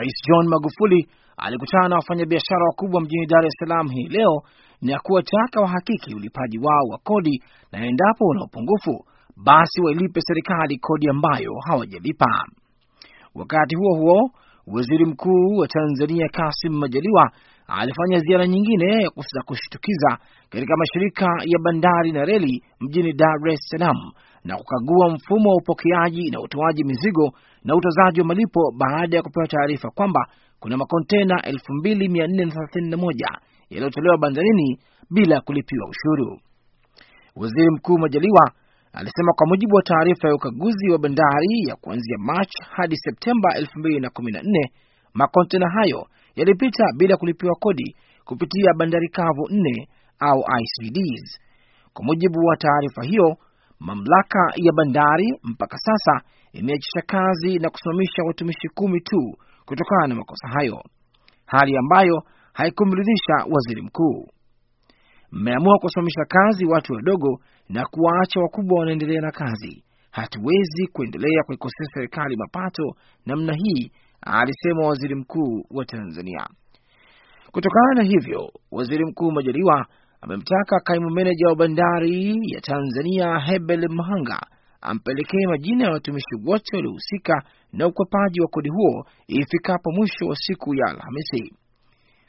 Rais John Magufuli alikutana na wafanyabiashara wakubwa mjini Dar es Salaam hii leo na kuwataka wahakiki ulipaji wao wa kodi, na endapo una upungufu basi wailipe serikali kodi ambayo hawajalipa. Wakati huo huo, waziri mkuu wa Tanzania Kasim Majaliwa alifanya ziara nyingine ya kushtukiza katika mashirika ya bandari na reli mjini Dar es Salaam na kukagua mfumo wa upokeaji na utoaji mizigo na utozaji wa malipo baada ya kupewa taarifa kwamba kuna makontena 2431 yaliyotolewa bandarini bila kulipiwa ushuru. Waziri Mkuu Majaliwa alisema kwa mujibu wa taarifa ya ukaguzi wa bandari ya kuanzia mach hadi Septemba 2014 makontena hayo yalipita bila kulipiwa kodi kupitia bandari kavu nne au ICDs. Kwa mujibu wa taarifa hiyo Mamlaka ya bandari mpaka sasa imeachisha kazi na kusimamisha watumishi kumi tu kutokana na makosa hayo, hali ambayo haikumridhisha waziri mkuu. Mmeamua kuwasimamisha kazi watu wadogo na kuwaacha wakubwa wanaendelea na kazi. Hatuwezi kuendelea kuikosea serikali mapato namna hii, alisema waziri mkuu wa Tanzania. Kutokana na hivyo, waziri mkuu Majaliwa amemtaka kaimu meneja wa bandari ya Tanzania Hebel Mhanga ampelekee majina ya watumishi wote waliohusika na ukwepaji wa kodi huo ifikapo mwisho wa siku ya Alhamisi.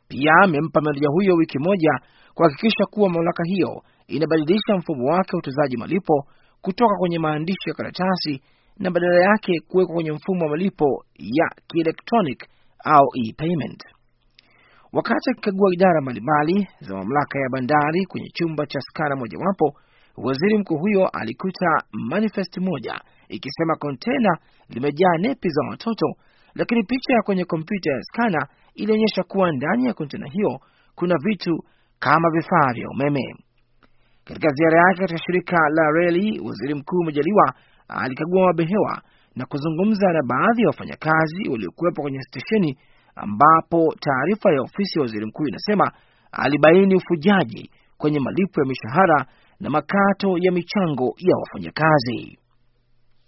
Pia amempa meneja huyo wiki moja kuhakikisha kuwa mamlaka hiyo inabadilisha mfumo wake wa utozaji malipo kutoka kwenye maandishi ya karatasi na badala yake kuwekwa kwenye mfumo wa malipo ya kielektronic au e-payment. Wakati akikagua idara mbalimbali za mamlaka ya bandari kwenye chumba cha skana mojawapo, waziri mkuu huyo alikuta manifesti moja ikisema kontena limejaa nepi za watoto, lakini picha ya kwenye kompyuta ya skana ilionyesha kuwa ndani ya kontena hiyo kuna vitu kama vifaa vya umeme. Katika ziara yake katika shirika la reli, waziri mkuu Majaliwa alikagua mabehewa na kuzungumza na baadhi ya wafanyakazi waliokuwepo kwenye stesheni ambapo taarifa ya ofisi ya waziri mkuu inasema alibaini ufujaji kwenye malipo ya mishahara na makato ya michango ya wafanyakazi.